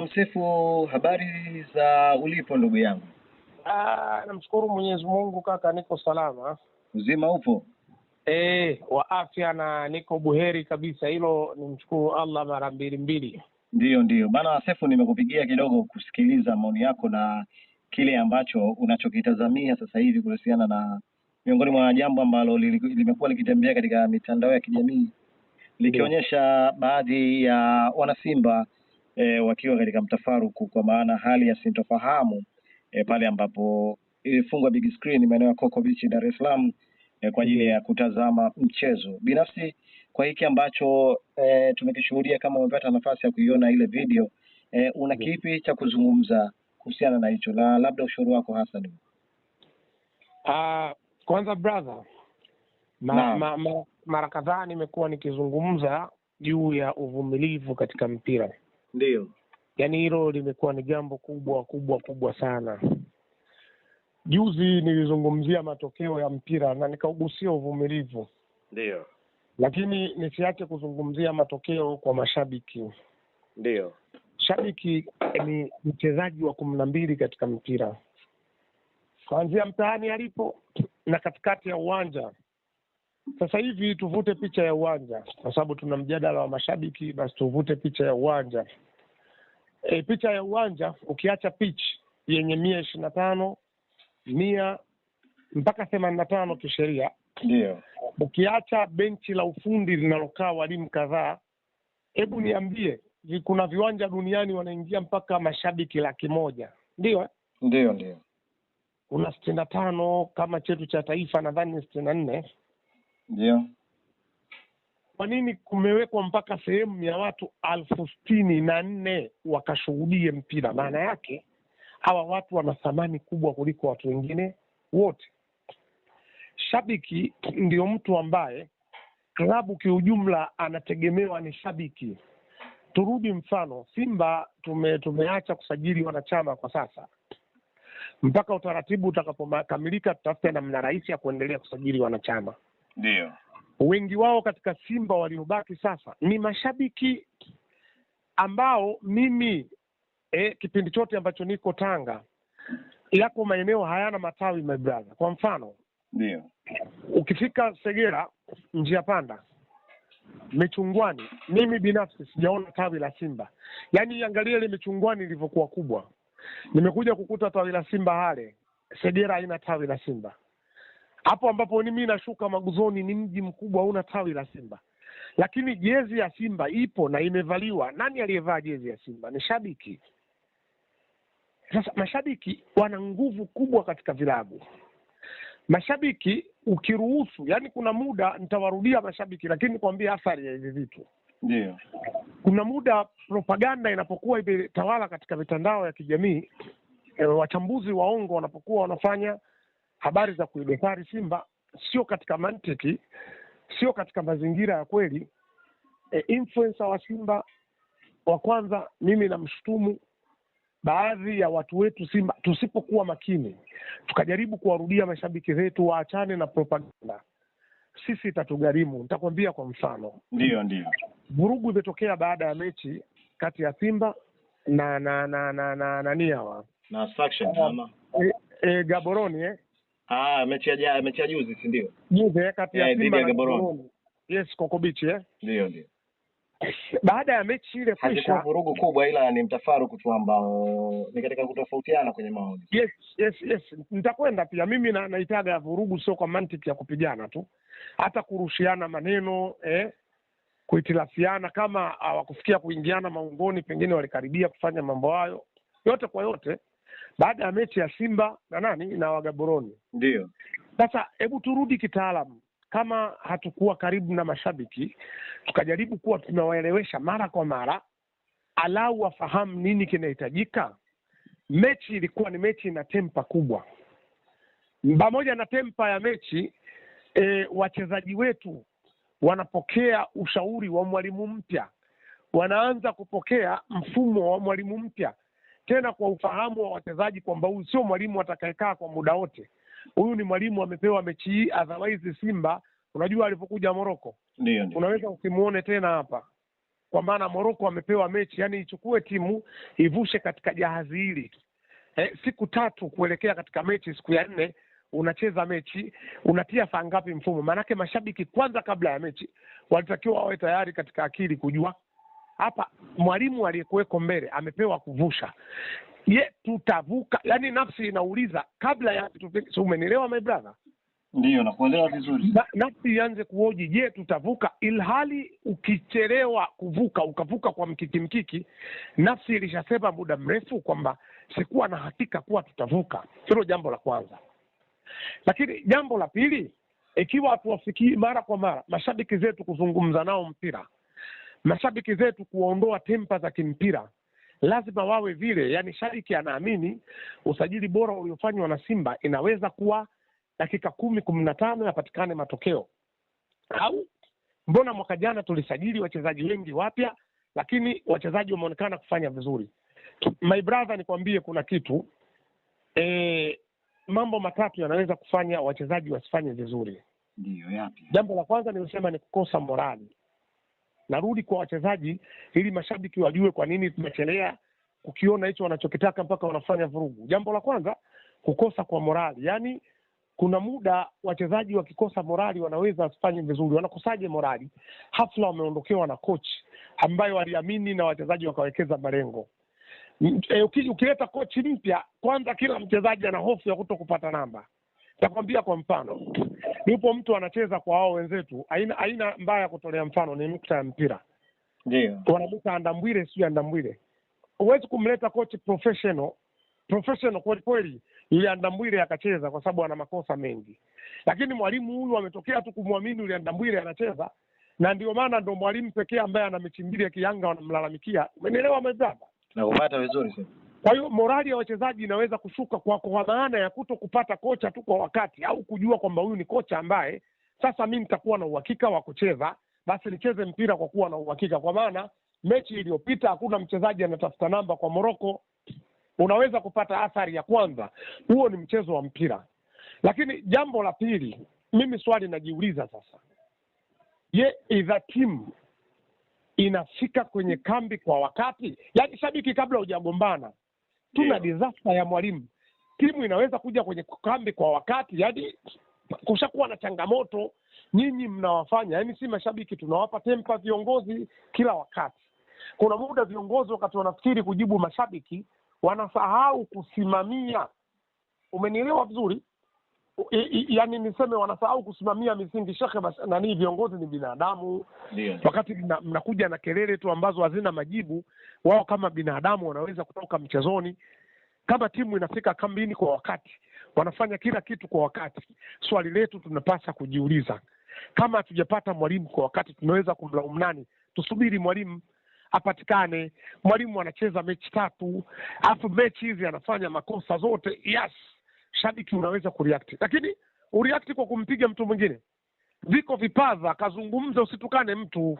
msefu habari za ulipo ndugu yangu? Ah, namshukuru Mwenyezi Mungu kaka, niko salama. Uzima upo? Eh, wa afya na niko buheri kabisa, hilo nimshukuru Allah mara mbili mbili. Ndiyo, ndiyo bana Sefu, nimekupigia kidogo kusikiliza maoni yako na kile ambacho unachokitazamia sasa hivi kuhusiana na miongoni mwa jambo ambalo limekuwa likitembea katika mitandao ya kijamii likionyesha baadhi ya wanasimba e, wakiwa katika mtafaruku, kwa maana hali ya sintofahamu e, pale ambapo ilifungwa big screen maeneo ya Coco Beach Dar es Salaam e, kwa ajili ya kutazama mchezo. Binafsi kwa hiki ambacho e, tumekishuhudia, kama umepata nafasi ya kuiona ile video e, una kipi cha kuzungumza kuhusiana na hicho na labda ushauri wako hasa ni uh, kwanza brother ma, ma, ma, mara kadhaa nimekuwa nikizungumza juu ya uvumilivu katika mpira ndio yaani hilo limekuwa ni jambo kubwa kubwa kubwa sana. Juzi nilizungumzia matokeo ya mpira na nikaugusia uvumilivu, ndio lakini nisiache kuzungumzia matokeo kwa mashabiki. ndio shabiki ni mchezaji wa kumi na mbili katika mpira, kuanzia mtaani alipo na katikati ya uwanja sasa hivi tuvute picha ya uwanja, kwa sababu tuna mjadala wa mashabiki, basi tuvute picha ya uwanja. E, picha ya uwanja ukiacha pitch yenye mia ishirini na tano mia mpaka themanini na tano kisheria yeah. ukiacha benchi la ufundi linalokaa walimu kadhaa, hebu niambie, kuna viwanja duniani wanaingia mpaka mashabiki laki moja ndio eh? ndio ndio, kuna sitini na tano kama chetu cha taifa nadhani ni sitini na nne ndio. Kwa nini kumewekwa mpaka sehemu ya watu alfu sitini na nne wakashuhudie mpira? Maana yake hawa watu wana thamani kubwa kuliko watu wengine wote. Shabiki ndio mtu ambaye klabu kiujumla anategemewa ni shabiki. Turudi mfano Simba, tume tumeacha kusajili wanachama kwa sasa mpaka utaratibu utakapokamilika, tutafute namna rahisi ya kuendelea kusajili wanachama. Ndio wengi wao katika Simba waliobaki sasa ni mashabiki ambao mimi eh, kipindi chote ambacho niko Tanga, yako maeneo hayana matawi my brother. Kwa mfano ndio ukifika Segera njia panda Michungwani, mimi binafsi sijaona tawi la Simba. Yaani angalia ile Michungwani ilivyokuwa kubwa, nimekuja kukuta tawi la Simba hale. Segera haina tawi la Simba hapo ambapo mi nashuka Maguzoni ni mji mkubwa, una tawi la Simba, lakini jezi ya Simba ipo na imevaliwa. Nani aliyevaa jezi ya Simba? Ni shabiki. Sasa mashabiki wana nguvu kubwa katika vilabu. Mashabiki ukiruhusu, yani kuna muda nitawarudia mashabiki, lakini kuambia athari ya hivi vitu yeah. Kuna muda propaganda inapokuwa imetawala katika mitandao ya kijamii e, wachambuzi waongo wanapokuwa wanafanya habari za kuidosari Simba sio katika mantiki, sio katika mazingira ya kweli. E, influencer wa Simba wa kwanza, mimi namshutumu baadhi ya watu wetu Simba. Tusipokuwa makini tukajaribu kuwarudia mashabiki zetu waachane na propaganda, sisi itatugharimu. Nitakwambia kwa mfano, ndio ndio, vurugu imetokea baada ya mechi kati ya Simba na na na na nani hawa na, na, na, na, na, na, na, na, na, na, na, na, Ah, mechi ya mechi ya juzi si ndio? Juzi eh, kati ya eh, Simba na Gaborone. Yes, Kokobichi eh? Ndio ndio. Baada ya mechi ile kuisha, haikuwa ah. vurugu kubwa, ila ni mtafaruku tu ambao ni katika kutofautiana kwenye maoni. Yes, yes, yes. Nitakwenda pia mimi na naitaga ya vurugu, sio kwa mantiki ya kupigana tu, hata kurushiana maneno eh, kuitilafiana kama hawakufikia kuingiana maungoni, pengine walikaribia kufanya mambo hayo yote kwa yote baada ya mechi ya Simba na nani na Wagaboroni. Ndio sasa, hebu turudi kitaalamu, kama hatukuwa karibu na mashabiki, tukajaribu kuwa tunawaelewesha mara kwa mara, alau wafahamu nini kinahitajika. Mechi ilikuwa ni mechi na tempa kubwa, pamoja na tempa ya mechi e, wachezaji wetu wanapokea ushauri wa mwalimu mpya, wanaanza kupokea mfumo wa mwalimu mpya tena kwa ufahamu wa wachezaji kwamba huyu sio mwalimu atakayekaa kwa muda wote. Huyu ni mwalimu amepewa mechi hii, otherwise Simba unajua alivyokuja Moroko, unaweza usimuone tena hapa, kwa maana Moroko amepewa mechi, yani ichukue timu ivushe katika jahazi hili eh, siku tatu kuelekea katika mechi, siku ya nne unacheza mechi, unatia saa ngapi mfumo? Maanake mashabiki kwanza, kabla ya mechi, walitakiwa wawe tayari katika akili kujua hapa mwalimu aliyekuweko mbele amepewa kuvusha ye tutavuka. Yani nafsi inauliza kabla ya vitu, si umenielewa my brother? ndio nakuelewa vizuri. Na, nafsi ianze kuoji, je, tutavuka? Ilhali ukichelewa kuvuka ukavuka kwa mkiki mkiki, nafsi ilishasema muda mrefu kwamba sikuwa na hakika kuwa tutavuka. Hilo jambo la kwanza. Lakini jambo la pili, ikiwa hatuwafikii mara kwa mara mashabiki zetu kuzungumza nao mpira mashabiki zetu kuondoa tempa za kimpira lazima wawe vile, yani shabiki anaamini usajili bora uliofanywa na Simba inaweza kuwa dakika kumi kumi na tano yapatikane matokeo. Au mbona mwaka jana tulisajili wachezaji wengi wapya, lakini wachezaji wameonekana kufanya vizuri. My brother, nikwambie kuna kitu e, mambo matatu yanaweza kufanya wachezaji wasifanye vizuri. Ndiyo, yapi? Jambo la kwanza nilisema ni kukosa morali narudi kwa wachezaji ili mashabiki wajue kwa nini tumechelea kukiona hicho wanachokitaka mpaka wanafanya vurugu. Jambo la kwanza kukosa kwa morali, yaani kuna muda wachezaji wakikosa morali wanaweza wasifanye vizuri. Wanakosaje morali? Hafla wameondokewa na kochi ambayo waliamini na wachezaji wakawekeza malengo. E, ukileta kochi mpya, kwanza kila mchezaji ana hofu ya kuto kupata namba takwambia kwa mfano, yupo mtu anacheza kwa ao wenzetu, aina aina mbaya ya kutolea mfano ni nukta ya mpira, ndio wanamwita Andambwile, siu Andambwile. Huwezi kumleta kochi professional professional kweli kweli yule Andambwile akacheza, kwa sababu ana makosa mengi, lakini mwalimu huyu ametokea tu kumwamini yule Andambwile anacheza, na ndio maana ndo mwalimu pekee ambaye ana mechi mbili ya Kiyanga wanamlalamikia. Umenielewa my Nakupata vizuri sasa. Kwa hiyo morali ya wachezaji inaweza kushuka kwa, kwa maana ya kuto kupata kocha tu kwa wakati au kujua kwamba huyu ni kocha ambaye sasa mi nitakuwa na uhakika wa kucheza, basi nicheze mpira kwa kuwa na uhakika. Kwa maana mechi iliyopita hakuna mchezaji anatafuta namba kwa Moroko, unaweza kupata athari ya kwanza. Huo ni mchezo wa mpira. Lakini jambo la pili, mimi swali najiuliza sasa, je, idha timu inafika kwenye kambi kwa wakati? Yaani shabiki kabla hujagombana tuna disaster ya mwalimu. Timu inaweza kuja kwenye kambi kwa wakati, yani kushakuwa na changamoto, nyinyi mnawafanya yani si mashabiki tunawapa tempa viongozi kila wakati. Kuna muda viongozi wakati wanafikiri kujibu mashabiki wanasahau kusimamia. Umenielewa vizuri? yaani niseme wanasahau kusimamia misingi shekhe. Nani, viongozi ni binadamu Dio. Wakati mnakuja na kelele tu ambazo hazina majibu, wao kama binadamu wanaweza kutoka mchezoni. Kama timu inafika kambini kwa wakati, wanafanya kila kitu kwa wakati. Swali letu tunapasa kujiuliza, kama hatujapata mwalimu kwa wakati, tunaweza kumlaumu nani? Tusubiri mwalimu apatikane. Mwalimu anacheza mechi tatu, alafu mechi hizi anafanya makosa zote. Yes, shabiki unaweza kureact, lakini ureact kwa kumpiga mtu mwingine. Viko vipadha, kazungumza, usitukane mtu,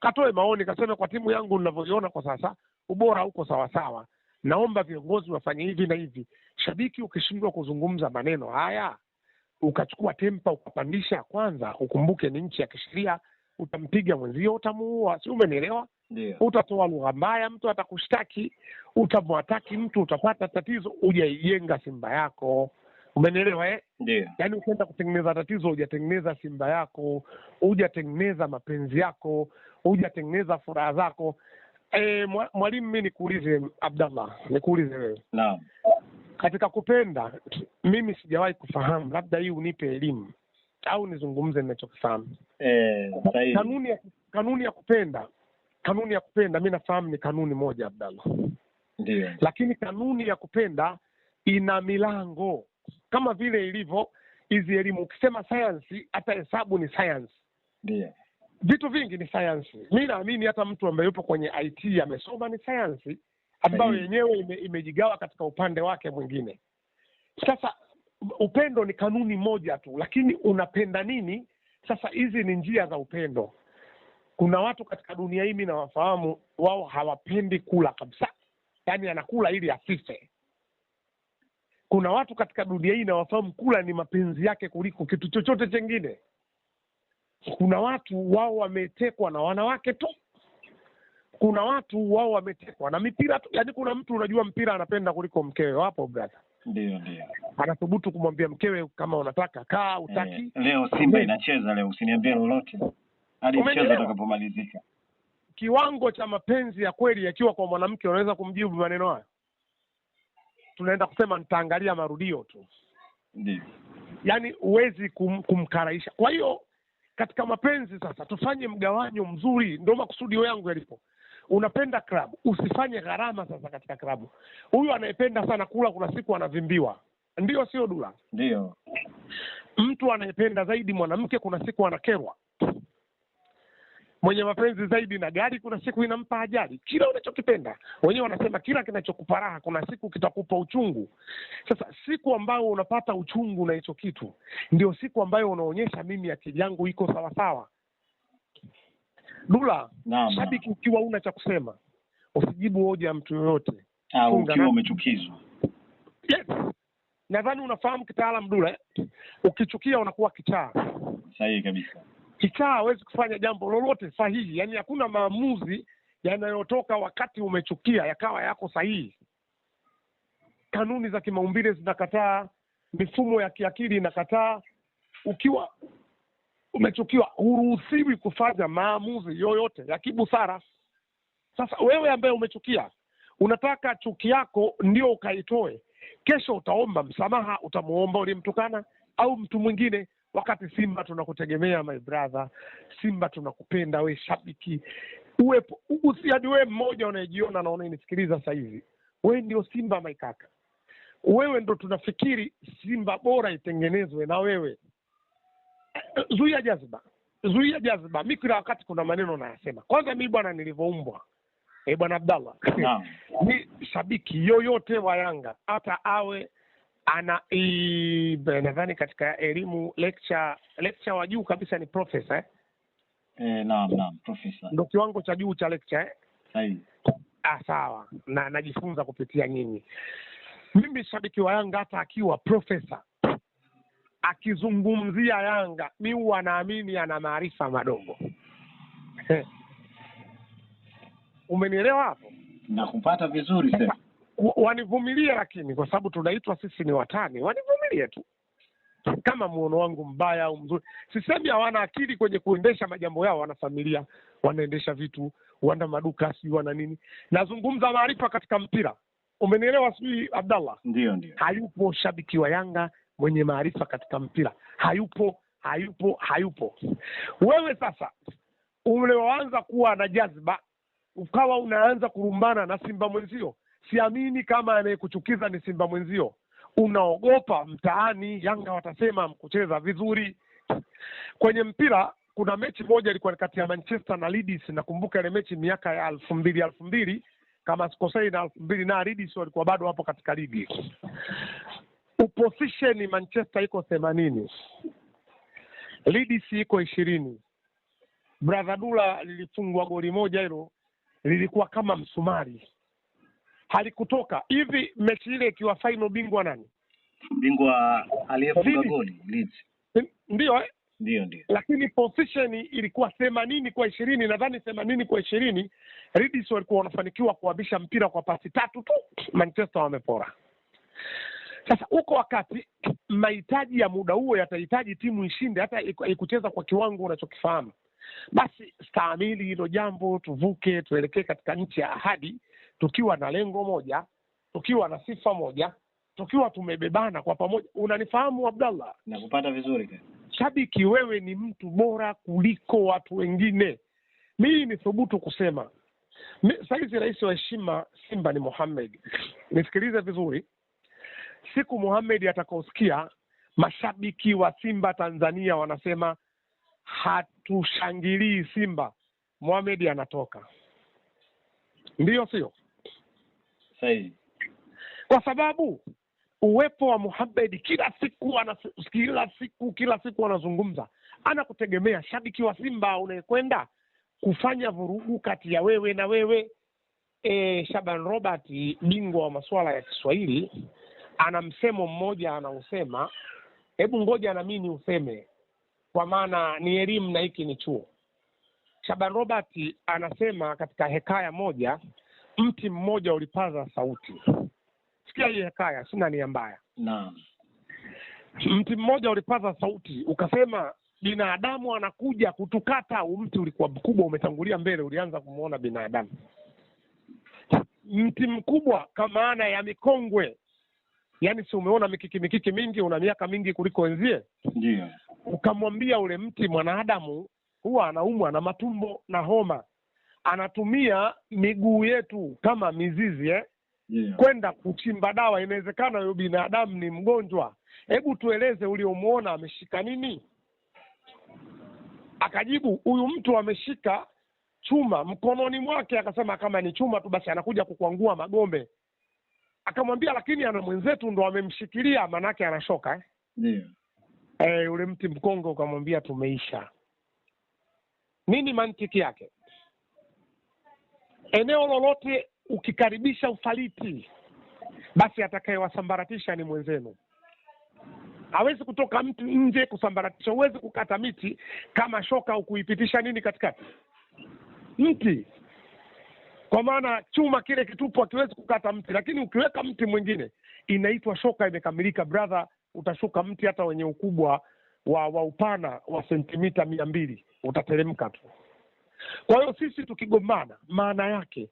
katoe maoni, kaseme kwa timu yangu ninavyoiona kwa sasa ubora uko sawasawa, naomba viongozi wafanye hivi na hivi. Shabiki ukishindwa kuzungumza maneno haya, ukachukua tempa ukapandisha, kwanza ukumbuke ni nchi ya kisheria, utampiga mwenzio, utamuua, si umenielewa? Yeah. Utatoa lugha mbaya, mtu atakushtaki, utamwataki mtu, utapata tatizo. Ujaijenga Simba yako. Umenielewa eh? yeah. Yaani ukienda kutengeneza tatizo hujatengeneza simba yako, hujatengeneza mapenzi yako, hujatengeneza furaha zako. E, mwalimu, mi nikuulize Abdallah, nikuulize wewe. Naam. Katika kupenda mimi sijawahi kufahamu, labda hii unipe elimu au nizungumze ninachokifahamu. Eh, kanuni ya kanuni ya kupenda, kanuni ya kupenda mi nafahamu ni kanuni moja Abdallah. Ndio. Lakini kanuni ya kupenda ina milango kama vile ilivyo hizi elimu. Ukisema sayansi, hata hesabu ni sayansi, ndio vitu vingi ni sayansi. Mi naamini hata mtu ambaye yupo kwenye IT amesoma ni sayansi ambayo yenyewe ime, imejigawa katika upande wake mwingine. Sasa upendo ni kanuni moja tu, lakini unapenda nini? Sasa hizi ni njia za upendo. Kuna watu katika dunia hii mi nawafahamu, wao hawapendi kula kabisa, yani anakula ili asife kuna watu katika dunia hii nawafahamu, kula ni mapenzi yake kuliko kitu chochote chengine. Kuna watu wao wametekwa na wanawake tu, kuna watu wao wametekwa na mipira tu. Yaani kuna mtu unajua mpira anapenda kuliko mkewe. wapo brother, ndio ndio anathubutu kumwambia mkewe, kama unataka kaa, utaki eh, leo Simba inacheza leo, usiniambie lolote hadi mchezo utakapomalizika. Kiwango cha mapenzi ya kweli yakiwa kwa mwanamke, unaweza kumjibu maneno hayo? tunaenda kusema nitaangalia marudio tu, ndio yaani huwezi kum, kumkaraisha. Kwa hiyo katika mapenzi sasa tufanye mgawanyo mzuri, ndio makusudio yangu yalipo. Unapenda klabu, usifanye gharama sasa katika klabu. Huyu anayependa sana kula, kuna siku anavimbiwa, ndio sio Dula? Ndio mtu anayependa zaidi mwanamke, kuna siku anakerwa mwenye mapenzi zaidi na gari kuna siku inampa ajali. Kila unachokipenda wenyewe wanasema kila kinachokupa raha kuna siku kitakupa uchungu. Sasa siku ambayo unapata uchungu na hicho kitu ndio siku ambayo unaonyesha mimi akili yangu iko sawasawa. Dula shabiki, ukiwa una cha kusema usijibu hoja ya mtu yoyote, ah, ukiwa umechukizwa. Yes, nadhani unafahamu kitaalam Dula, eh? ukichukia unakuwa kichaa. Sahihi kabisa. Kichaa hawezi kufanya jambo lolote sahihi, yani hakuna maamuzi yanayotoka wakati umechukia yakawa yako sahihi. Kanuni za kimaumbile zinakataa, mifumo ya kiakili inakataa. Ukiwa umechukiwa, huruhusiwi kufanya maamuzi yoyote ya kibusara. Sasa wewe ambaye umechukia, unataka chuki yako ndio ukaitoe, kesho utaomba msamaha, utamuomba ulimtukana au mtu mwingine wakati Simba tunakutegemea my brother, Simba tunakupenda we shabiki, uwepo usiadi wewe mmoja unayejiona na unayenisikiliza sasa hivi, wewe ndio Simba my kaka, wewe ndo tunafikiri Simba bora itengenezwe na wewe. Zuia jaziba zuia jaziba Mi kila wakati kuna maneno nayasema. Kwanza mi bwana, nilivyoumbwa e bwana Abdallah, ni shabiki yoyote wa Yanga hata awe ana nadhani katika elimu lecture lecture wa juu kabisa ni profesa eh? Eh, naam naam, profesa ndio kiwango cha juu cha lecture eh? Ah, sawa na najifunza kupitia nyinyi. Mimi shabiki wa Yanga hata akiwa profesa akizungumzia Yanga mi huwa naamini ana maarifa madogo. Umenielewa hapo? Nakupata vizuri sasa wanivumilie, lakini kwa sababu tunaitwa sisi ni watani, wanivumilie tu kama muono wangu mbaya au mzuri. Sisemi hawana akili kwenye kuendesha majambo yao, wana familia, wanaendesha vitu, wana maduka, sijui wana nini. Nazungumza maarifa katika mpira, umenielewa? Sijui Abdallah, ndio ndio, hayupo shabiki wa Yanga mwenye maarifa katika mpira, hayupo, hayupo, hayupo. Wewe sasa ulioanza kuwa na jazba, ukawa unaanza kurumbana na Simba mwenzio siamini kama anayekuchukiza ni Simba mwenzio. Unaogopa mtaani Yanga watasema mkucheza vizuri. Kwenye mpira kuna mechi moja ilikuwa kati ya Manchester na Leeds, nakumbuka ile mechi miaka ya elfu mbili elfu mbili kama sikosei, na elfu mbili na Leeds walikuwa bado wapo katika ligi. uposisheni Manchester iko themanini, Leeds iko ishirini. Brother Dula lilifungwa goli moja, hilo lilikuwa kama msumari halikutoka. Hivi mechi ile ikiwa faino bingwa nani? Bingwa aliyefunga goli Leeds. Ndio eh? Ndio, ndio. Lakini position ilikuwa themanini kwa ishirini nadhani themanini kwa ishirini Leeds walikuwa wanafanikiwa kuabisha mpira kwa pasi tatu tu, Manchester wamepora. Sasa huko wakati mahitaji ya muda huo yatahitaji timu ishinde, hata ikucheza kwa kiwango unachokifahamu, basi stahamili hilo jambo, tuvuke tuelekee katika nchi ya ahadi tukiwa na lengo moja, tukiwa na sifa moja, tukiwa tumebebana kwa pamoja. Unanifahamu Abdallah? Nakupata vizuri. Shabiki, wewe ni mtu bora kuliko watu wengine. Mimi ni thubutu kusema saizi rais wa heshima Simba ni Mohamed. Nisikilize vizuri, siku Mohamed atakaosikia mashabiki wa Simba Tanzania wanasema hatushangilii Simba, Mohamed anatoka. Ndiyo sio? sahihi, kwa sababu uwepo wa Muhammad kila siku ana, kila siku kila siku anazungumza, anakutegemea shabiki wa Simba unayekwenda kufanya vurugu kati ya wewe na wewe. E, Shaban Robert bingwa wa masuala ya Kiswahili ana msemo mmoja anausema, hebu ngoja na mimi niuseme, kwa maana ni elimu na hiki ni chuo. Shaban Robert anasema katika hekaya moja mti mmoja ulipaza sauti. Sikia hii hekaya, sina nia mbaya. Naam, mti mmoja ulipaza sauti ukasema, binadamu anakuja kutukata. Umti ulikuwa mkubwa, umetangulia mbele, ulianza kumwona binadamu. Mti mkubwa kwa maana ya mikongwe, yaani si umeona mikiki mikiki mingi, una miaka mingi kuliko wenzie. Ndio ukamwambia ule mti, mwanadamu huwa anaumwa na matumbo na homa anatumia miguu yetu kama mizizi eh? Yeah. Kwenda kuchimba dawa. Inawezekana huyo binadamu ni mgonjwa. Hebu tueleze uliomwona ameshika nini? Akajibu, huyu mtu ameshika chuma mkononi mwake. Akasema kama ni chuma tu basi anakuja kukwangua magombe. Akamwambia lakini ana mwenzetu ndo amemshikilia, maanake anashoka eh? Yeah. Eh, ule mti mkonge ukamwambia tumeisha. Nini mantiki yake? Eneo lolote ukikaribisha usaliti, basi atakayewasambaratisha ni mwenzenu. Hawezi kutoka mtu nje kusambaratisha. Huwezi kukata miti kama shoka ukuipitisha nini katikati mti, kwa maana chuma kile kitupu hakiwezi kukata mti, lakini ukiweka mti mwingine inaitwa shoka imekamilika. Brother, utashuka mti hata wenye ukubwa wa, wa upana wa sentimita mia mbili utateremka tu. Kwa hiyo sisi tukigombana, maana yake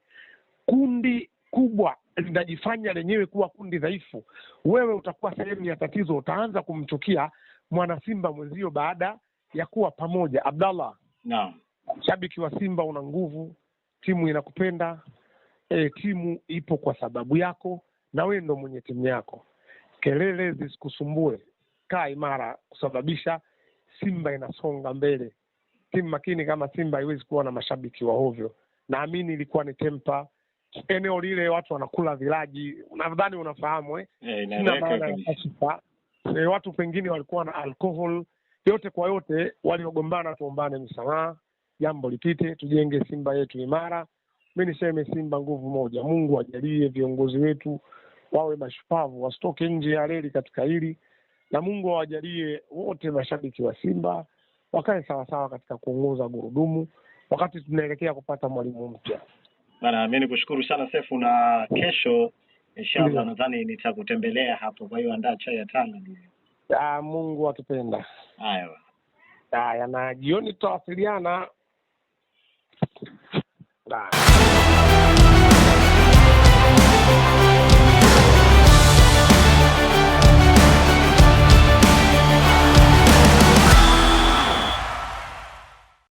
kundi kubwa linajifanya lenyewe kuwa kundi dhaifu, wewe utakuwa sehemu ya tatizo, utaanza kumchukia mwanasimba mwenzio baada ya kuwa pamoja. Abdallah, naam, shabiki wa Simba, una nguvu, timu inakupenda, e, timu ipo kwa sababu yako, na wewe ndo mwenye timu yako. Kelele zisikusumbue, kaa imara kusababisha Simba inasonga mbele timu makini kama Simba haiwezi kuwa na mashabiki wa hovyo. Naamini ilikuwa ni tempa eneo lile, watu wanakula vilaji, nadhani unafahamu eh? Yeah, e, eh, watu pengine walikuwa na alkohol. Yote kwa yote, waliogombana tuombane msamaha, jambo lipite, tujenge Simba yetu imara. Mi niseme Simba nguvu moja. Mungu ajalie viongozi wetu wawe mashupavu, wasitoke nje ya reli katika hili, na Mungu awajalie wote mashabiki wa Simba wakae sawasawa katika kuongoza gurudumu wakati tunaelekea kupata mwalimu mpya. Bana, mi nikushukuru sana Sefu, na kesho inshallah nadhani nitakutembelea hapo, kwa hiyo andaa chai ya tanga. Ah, Mungu akipenda. Haya haya, na jioni tutawasiliana.